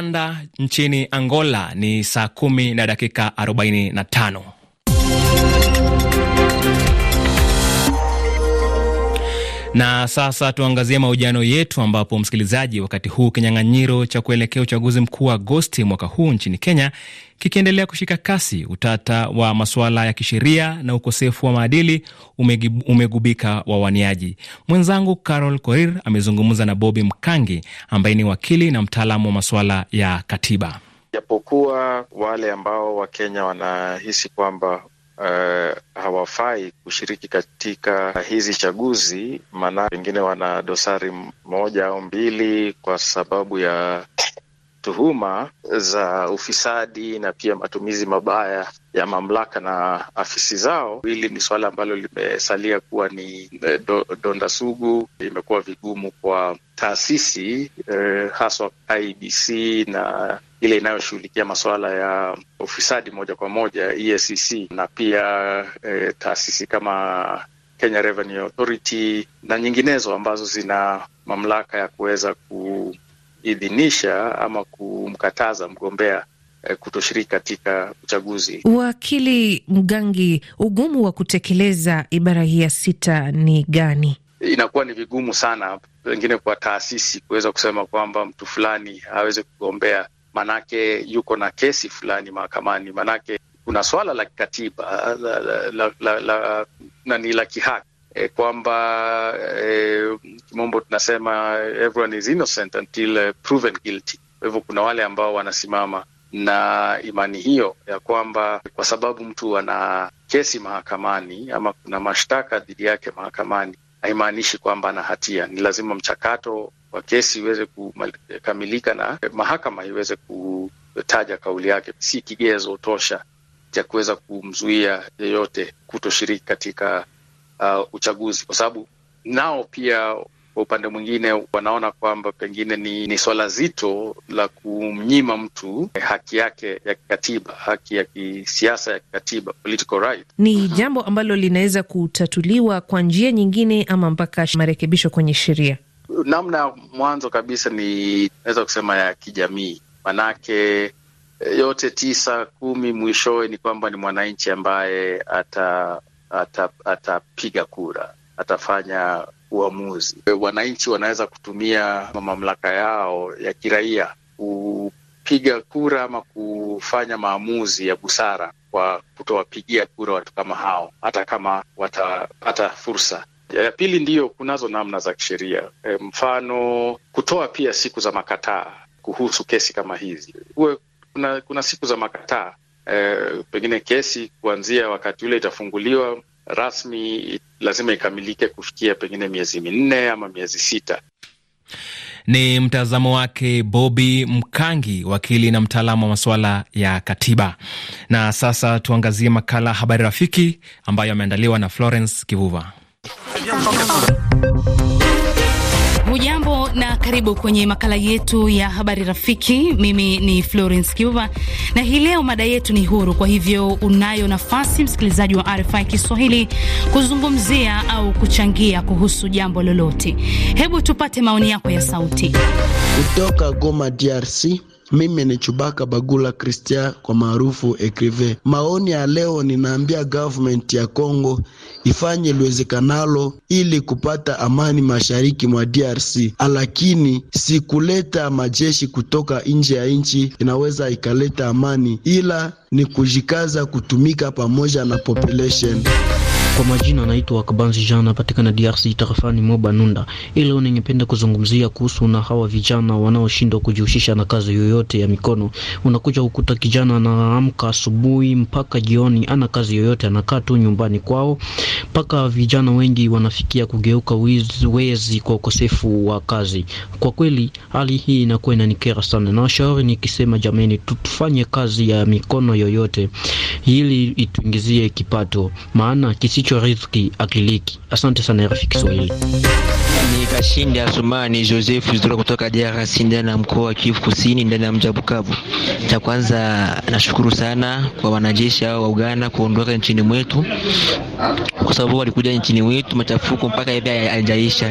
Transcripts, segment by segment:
Luanda nchini Angola ni saa kumi na dakika 45. Na sasa tuangazie mahojiano yetu, ambapo msikilizaji, wakati huu kinyang'anyiro cha kuelekea uchaguzi mkuu wa Agosti mwaka huu nchini Kenya kikiendelea kushika kasi, utata wa masuala ya kisheria na ukosefu wa maadili umegubika wawaniaji. Mwenzangu Carol Korir amezungumza na Bobi Mkangi ambaye ni wakili na mtaalamu wa masuala ya katiba. Japokuwa wale ambao Wakenya wanahisi kwamba uh, hawafai kushiriki katika hizi chaguzi, maana pengine wana dosari moja au mbili kwa sababu ya tuhuma za ufisadi na pia matumizi mabaya ya mamlaka na afisi zao. Hili ni suala ambalo limesalia kuwa ni eh, do, donda sugu. Imekuwa vigumu kwa taasisi eh, haswa IBC na ile inayoshughulikia masuala ya ufisadi moja kwa moja EACC, e na pia eh, taasisi kama Kenya Revenue Authority na nyinginezo ambazo zina mamlaka ya kuweza kuidhinisha ama kumkataza mgombea Eh, kutoshiriki katika uchaguzi. Wakili Mgangi, ugumu wa kutekeleza ibara hii ya sita ni gani? Inakuwa ni vigumu sana pengine kwa taasisi kuweza kusema kwamba mtu fulani aweze kugombea, manake yuko na kesi fulani mahakamani, manake kuna swala la kikatiba la, la, la, la, na ni la kihaki e, kwamba e, kimombo tunasema everyone is innocent until proven guilty. Kwa hivyo kuna wale ambao wanasimama na imani hiyo ya kwamba kwa sababu mtu ana kesi mahakamani ama kuna mashtaka dhidi yake mahakamani haimaanishi kwamba ana hatia. Ni lazima mchakato wa kesi iweze kukamilika na mahakama iweze kutaja kauli yake, si kigezo tosha cha kuweza kumzuia yeyote kutoshiriki katika uh, uchaguzi, kwa sababu nao pia kwa upande mwingine wanaona kwamba pengine ni, ni swala zito la kumnyima mtu eh, haki yake ya kikatiba, haki ya kisiasa ya kikatiba, political right. Ni jambo ambalo linaweza kutatuliwa kwa njia nyingine ama mpaka marekebisho kwenye sheria. Namna ya mwanzo kabisa ni naweza kusema ya kijamii, manake eh, yote tisa kumi mwishowe ni kwamba ni mwananchi ambaye atapiga ata, ata kura atafanya uamuzi. Eh, wananchi wanaweza kutumia mamlaka yao ya kiraia kupiga kura ama kufanya maamuzi ya busara kwa kutowapigia kura watu kama hao, hata kama watapata fursa ya pili ndiyo, kunazo namna za kisheria e, mfano kutoa pia siku za makataa kuhusu kesi kama hizi. Uwe, kuna, kuna siku za makataa e, pengine kesi kuanzia wakati ule itafunguliwa rasmi lazima ikamilike kufikia pengine miezi minne ama miezi sita. Ni mtazamo wake Bobi Mkangi, wakili na mtaalamu wa masuala ya katiba. Na sasa tuangazie makala Habari Rafiki ambayo ameandaliwa na Florence Kivuva. Hujambo na karibu kwenye makala yetu ya habari rafiki. Mimi ni Florence Kiuva na hii leo mada yetu ni huru. Kwa hivyo unayo nafasi, msikilizaji wa RFI Kiswahili, kuzungumzia au kuchangia kuhusu jambo lolote. Hebu tupate maoni yako ya sauti kutoka Goma, DRC. Mimi ni Chubaka Bagula Christian kwa maarufu Ekrive. Maoni ya leo ninaambia government ya Kongo ifanye liwezekanalo ili kupata amani mashariki mwa DRC, lakini si kuleta majeshi kutoka nje ya nchi inaweza ikaleta amani, ila ni kujikaza kutumika pamoja na population. Kwa majina naitwa Kabanzi Jean, napatikana DRC tarafani Mobanunda. Leo ningependa kuzungumzia kuhusu na hawa vijana wanaoshindwa kujihusisha na kazi yoyote ya mikono. Unakuja ukuta kijana anaamka asubuhi mpaka jioni, ana kazi yoyote, anakaa tu nyumbani kwao, mpaka vijana wengi wanafikia kugeuka wizi, wezi kwa ukosefu wa kazi. Kwa kweli hali hii inakuwa inanikera sana, na washauri nikisema, jameni, tufanye kazi ya mikono yoyote ili ituingizie kipato, maana kisicho kichwa riziki akiliki. Asante sana RFI Kiswahili. Ni Kashinda Asumani Joseph Zura kutoka DRC ndani ya mkoa wa Kivu Kusini ndani ya mji wa Bukavu. Cha kwanza nashukuru sana kwa wanajeshi hao wa Uganda kuondoka nchini mwetu, kwa sababu walikuja nchini mwetu machafuko mpaka hivi haijaisha.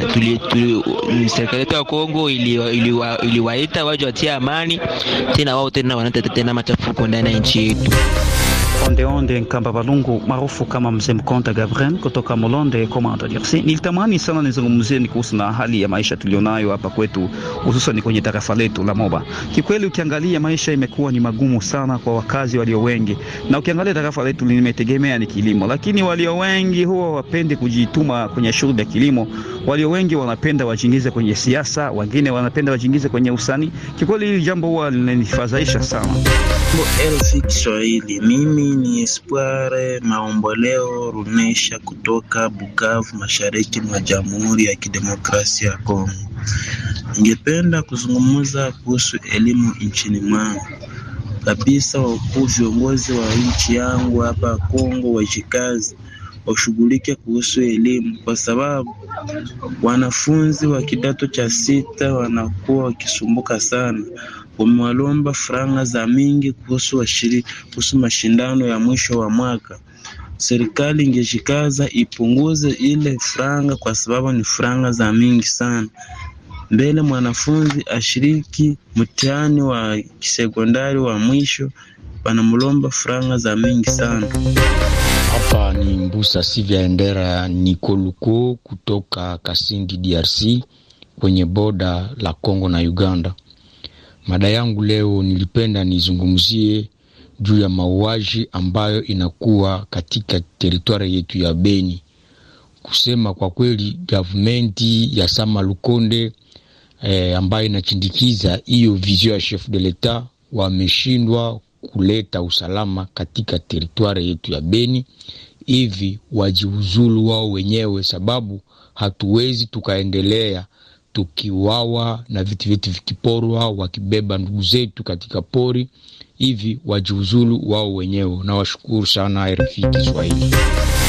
Serikali yetu ya Kongo iliwaita ili, ili ili waje watie amani, tena wao tena wanateta tena machafuko ndani ya nchi yetu. Ondeonde Nkamba Balungu maarufu kama Mzee Mkonta Gabriel kutoka Molonde Komanda, DRC. Nilitamani sana nizungumzie kuhusu na hali ya maisha tulionayo hapa kwetu, hususan kwenye tarafa letu la Moba. Kikweli ukiangalia maisha imekuwa ni magumu sana kwa wakazi walio wengi, na ukiangalia tarafa letu limetegemea ni kilimo, lakini walio wengi huwa wapendi kujituma kwenye shughuli ya kilimo Walio wengi wanapenda wajiingize kwenye siasa, wengine wanapenda wajiingize kwenye usanii. Kikweli hili jambo huwa linanifadhaisha sana. Elfi Kiswahili, mimi ni Espoir Maomboleo Runesha kutoka Bukavu, mashariki mwa Jamhuri ya Kidemokrasia ya Kongo. Ningependa kuzungumza kuhusu elimu nchini mwangu kabisa. Wakuu viongozi wa nchi yangu hapa Kongo wajikazi washughulike kuhusu elimu kwa sababu wanafunzi wa kidato cha sita wanakuwa wakisumbuka sana. Wamewalomba franga za mingi kuhusu washiri, kuhusu mashindano ya mwisho wa mwaka. Serikali ingeshikaza ipunguze ile franga kwa sababu ni franga za mingi sana. Mbele mwanafunzi ashiriki mtihani wa kisekondari wa mwisho, wanamlomba franga za mingi sana. Hapa ni Mbusa Sivya Endera Nikoluko kutoka Kasindi, DRC, kwenye boda la congo na Uganda. Mada yangu leo nilipenda nizungumzie juu ya mauaji ambayo inakuwa katika teritwari yetu ya Beni. Kusema kwa kweli, gavumenti ya Sama Lukonde eh, ambayo inachindikiza hiyo vizio ya chef de leta wameshindwa kuleta usalama katika teritwari yetu ya Beni, hivi wajiuzulu wao wenyewe, sababu hatuwezi tukaendelea tukiwawa na vitu vyetu vikiporwa, wakibeba ndugu zetu katika pori. Hivi wajiuzulu wao wenyewe. Nawashukuru sana RFI Kiswahili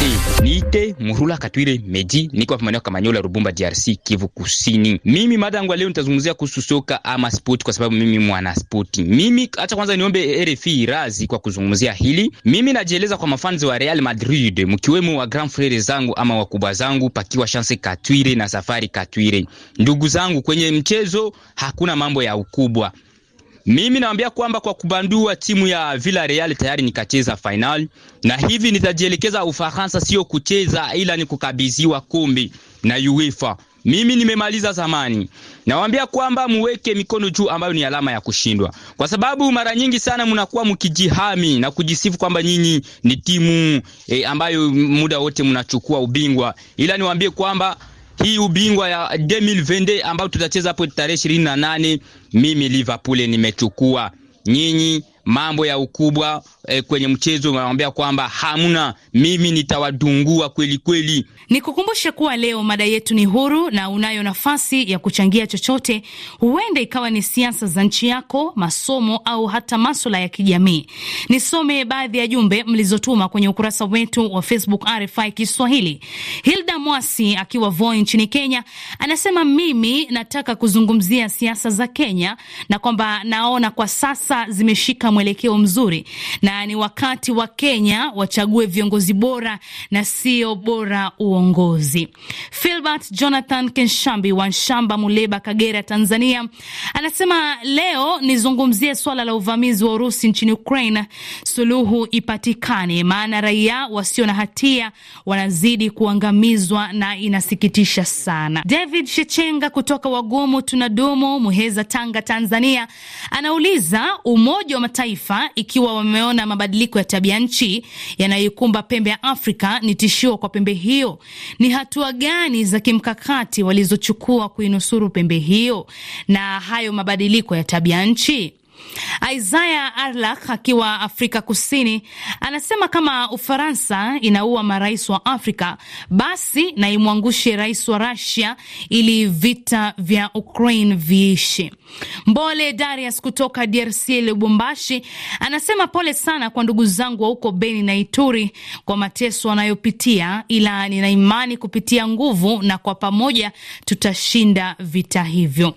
nite niite Murula Katwire Meji, niko hapa maeneo Kamanyola, Rubumba, DRC, Kivu Kusini. Mimi mada yangu leo nitazungumzia kuhusu soka ama sport, kwa sababu mimi mwana sport. Mimi acha kwanza niombe RFI razi kwa kuzungumzia hili. Mimi najieleza kwa mafanzi wa Real Madrid, mkiwemo wa grand frere zangu ama wakubwa zangu, pakiwa Chance Katwire na Safari Katwire. Ndugu zangu, kwenye mchezo hakuna mambo ya ukubwa mimi naambia kwamba kwa kubandua timu ya Villarreal tayari nikacheza fainali na hivi nitajielekeza Ufaransa, sio kucheza ila ni kukabidhiwa kombe na UEFA. Mimi nimemaliza zamani. Nawaambia kwamba muweke mikono juu ambayo ni alama ya kushindwa. Kwa sababu mara nyingi sana mnakuwa mkijihami na kujisifu kwamba nyinyi ni timu e, ambayo muda wote mnachukua ubingwa. Ila niwaambie kwamba hii ubingwa ya 2022 ambao tutacheza hapo tarehe 28, mimi Liverpool nimechukua nyinyi mambo ya ukubwa e, kwenye mchezo wanaambia kwamba hamna, mimi nitawadungua kweli kweli. Nikukumbushe kuwa leo mada yetu ni huru, na unayo nafasi ya kuchangia chochote. Huenda ikawa ni siasa za nchi yako, masomo au hata maswala ya kijamii. Nisome baadhi ya jumbe mlizotuma kwenye ukurasa wetu wa Facebook RFI Kiswahili. Hilda Mwasi akiwa Voi nchini Kenya anasema mimi nataka kuzungumzia siasa za Kenya na kwamba naona kwa sasa zimeshika mwelekeo mzuri na ni wakati wa Kenya wachague viongozi bora na sio bora uongozi. Philbert Jonathan Kenshambi wa Nshamba, Muleba, Kagera, Tanzania anasema leo nizungumzie swala la uvamizi wa Urusi nchini Ukraine, suluhu ipatikane, maana raia wasio na hatia wanazidi kuangamizwa na inasikitisha sana. David Shechenga kutoka Wagomo tunadumu Muheza, Tanga, Tanzania anauliza umoja wa kimataifa ikiwa wameona mabadiliko ya tabia nchi yanayoikumba pembe ya Afrika ni tishio kwa pembe hiyo. Ni hatua gani za kimkakati walizochukua kuinusuru pembe hiyo na hayo mabadiliko ya tabia nchi? Isaiah Arlak akiwa Afrika Kusini anasema kama Ufaransa inaua marais wa Afrika, basi na imwangushe rais wa rasia ili vita vya Ukraine viishi. Mbole Darius kutoka DRC Lubumbashi anasema pole sana kwa ndugu zangu wa huko Beni na Ituri kwa mateso wanayopitia, ila nina imani kupitia nguvu na kwa pamoja tutashinda vita hivyo.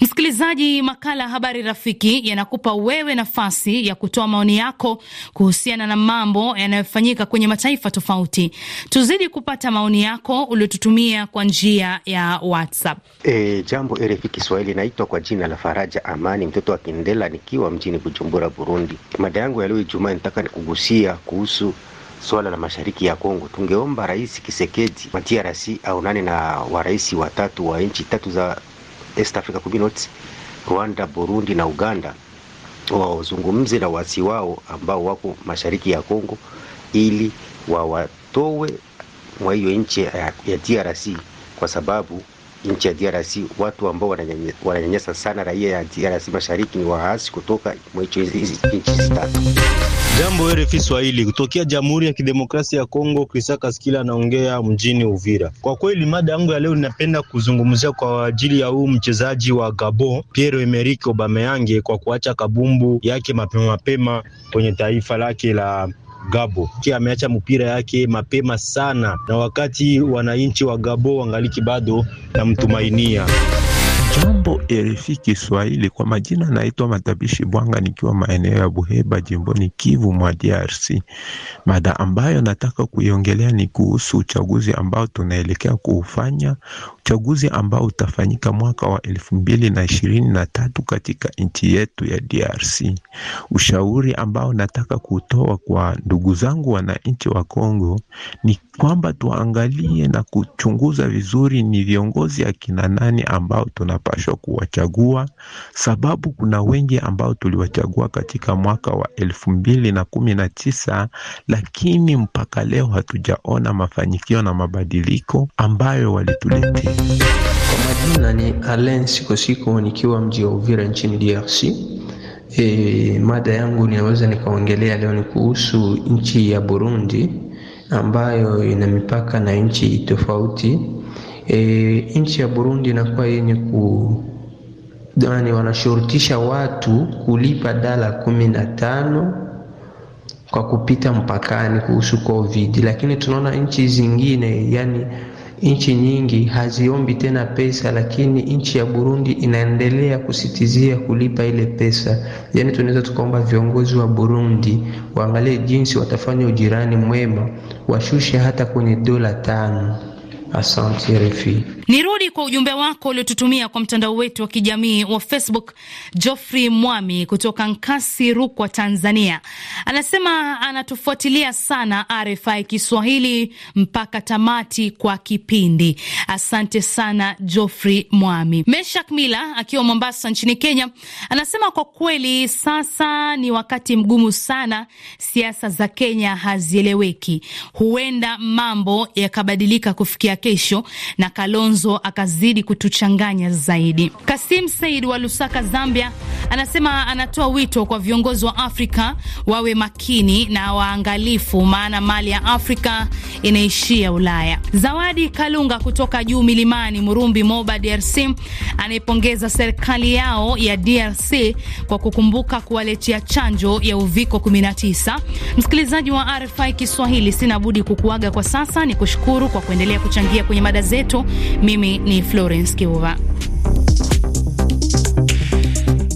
Msikilizaji, makala ya Habari Rafiki yanakupa wewe nafasi ya kutoa maoni yako kuhusiana na mambo yanayofanyika kwenye mataifa tofauti. Tuzidi kupata maoni yako uliotutumia kwa njia ya WhatsApp. E, jambo RFI Kiswahili, naitwa kwa jina la Faraja Amani, mtoto wa Kindela, nikiwa mjini Bujumbura, Burundi. Mada yangu ya leo Ijumaa nitaka nikugusia kuhusu swala la mashariki ya Kongo. Tungeomba Rais Kisekedi wa DRC aonane na warahisi watatu wa nchi tatu za East Africa Community, Rwanda, Burundi na Uganda wazungumze na wasi wao ambao wako mashariki ya Kongo ili wawatowe mwa hiyo nchi ya DRC kwa sababu nchi ya DRC. Watu ambao wananyanyasa sana raia ya DRC mashariki ni waasi kutoka mwecho hizi nchi zitatu. Jambo RFI Swahili kutokea Jamhuri ya Kidemokrasia ya Kongo, Krisaka Skila anaongea mjini Uvira. Kwa kweli mada yangu ya leo ninapenda kuzungumzia kwa ajili ya huu mchezaji wa Gabon Pierre Emerick Aubameyang kwa kuacha kabumbu yake mapema mapema kwenye taifa lake la Gabo ameacha mpira yake mapema sana, na wakati wananchi wa Gabo wangaliki bado namtumainia. Jambo RFI Kiswahili, kwa majina naitwa Matabishi Bwanga, nikiwa maeneo ya Buheba, jimboni Kivu mwa DRC. Mada ambayo nataka kuiongelea ni kuhusu uchaguzi ambao tunaelekea kuufanya, uchaguzi ambao utafanyika mwaka wa elfu mbili na ishirini na tatu katika nchi yetu ya DRC. Ushauri ambao nataka kutoa kwa ndugu zangu wananchi wa Kongo ni kwamba tuangalie na kuchunguza vizuri ni viongozi akina nani ambao tunapashwa kuwachagua, sababu kuna wengi ambao tuliwachagua katika mwaka wa elfu mbili na kumi na tisa, lakini mpaka leo hatujaona mafanikio na mabadiliko ambayo walituletea. Kwa majina ni Alen Sikosiko nikiwa mji wa Uvira nchini DRC. E, eh, mada yangu ninaweza nikaongelea leo ni kuhusu nchi ya Burundi ambayo ina mipaka na nchi tofauti. E, nchi ya Burundi inakuwa yenye ku yani, wanashurutisha watu kulipa dala kumi na tano kwa kupita mpakani kuhusu COVID, lakini tunaona nchi zingine yani Nchi nyingi haziombi tena pesa, lakini nchi ya Burundi inaendelea kusitizia kulipa ile pesa. Yani tunaweza tukaomba viongozi wa Burundi waangalie jinsi watafanya ujirani mwema, washushe hata kwenye dola tano. Asante RFI. Nirudi kwa ujumbe wako uliotutumia kwa mtandao wetu wa kijamii wa Facebook. Geoffrey Mwami kutoka Nkasi, Rukwa, Tanzania, anasema anatufuatilia sana RFI Kiswahili mpaka tamati kwa kipindi. Asante sana Geoffrey Mwami. Meshak Mila akiwa Mombasa nchini Kenya anasema kwa kweli sasa ni wakati mgumu sana, siasa za Kenya hazieleweki, huenda mambo yakabadilika kufikia kesho na Kalonzo mafunzo akazidi kutuchanganya zaidi. Kasim Said wa Lusaka, Zambia, anasema anatoa wito kwa viongozi wa Afrika wawe makini na waangalifu, maana mali ya Afrika inaishia Ulaya. Zawadi Kalunga kutoka juu milimani Murumbi, Moba, DRC, anaipongeza serikali yao ya DRC kwa kukumbuka kuwaletea chanjo ya uviko 19. Msikilizaji wa RFI Kiswahili, sina budi kukuaga kwa sasa, ni kushukuru kwa kuendelea kuchangia kwenye mada zetu. Mimi ni Florence kiuva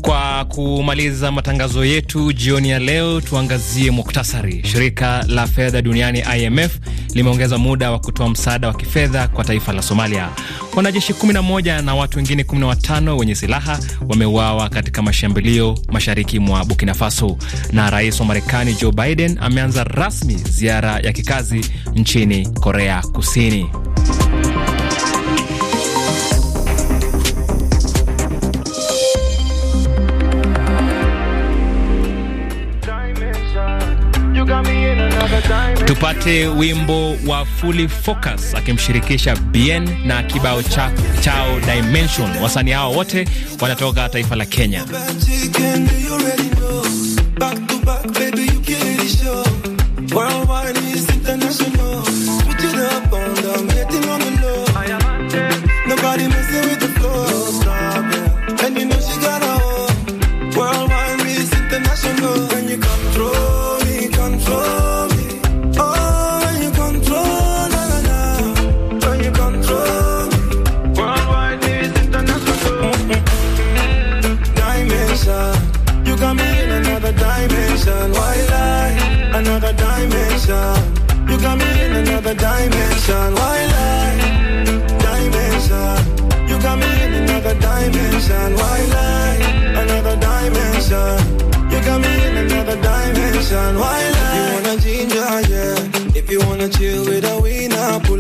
Kwa kumaliza matangazo yetu jioni ya leo, tuangazie muktasari. Shirika la fedha duniani IMF limeongeza muda wa kutoa msaada wa kifedha kwa taifa la Somalia. Wanajeshi 11 na watu wengine 15 wenye silaha wameuawa katika mashambulio mashariki mwa Burkina Faso. Na rais wa Marekani Joe Biden ameanza rasmi ziara ya kikazi nchini Korea Kusini. Tupate wimbo wa Fully Focus akimshirikisha Bien na kibao cha, chao Dimension. Wasanii hao wote wanatoka taifa la Kenya.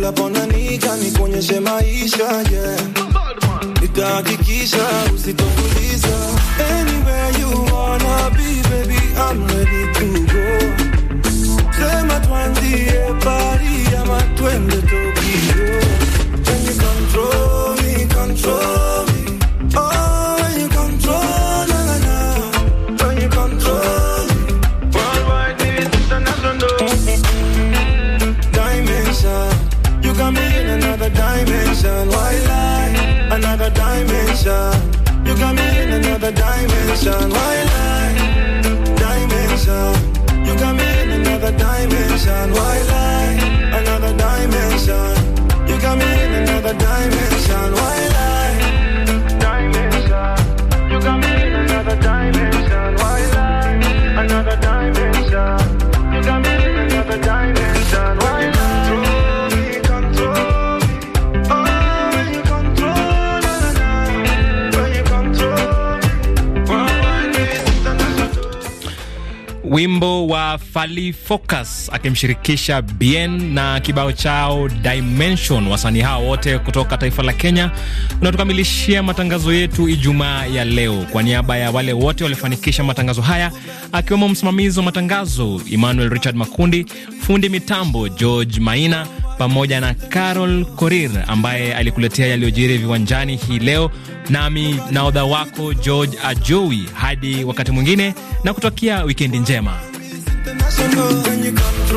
napona nika nikuonyeshe maisha yeah. Nitahakikisha usitokuliza anywhere you wanna be sema twanzie pari ama twende fali Focus akimshirikisha Bien na kibao chao Dimension. Wasanii hao wote kutoka taifa la Kenya unatukamilishia matangazo yetu Ijumaa ya leo. Kwa niaba ya wale wote waliofanikisha matangazo haya, akiwemo msimamizi wa matangazo Emmanuel Richard Makundi, fundi mitambo George Maina pamoja na Carol Korir ambaye alikuletea yaliyojiri viwanjani hii leo, nami naodha wako George Ajowi, hadi wakati mwingine na kutokia wikendi njema. international when you come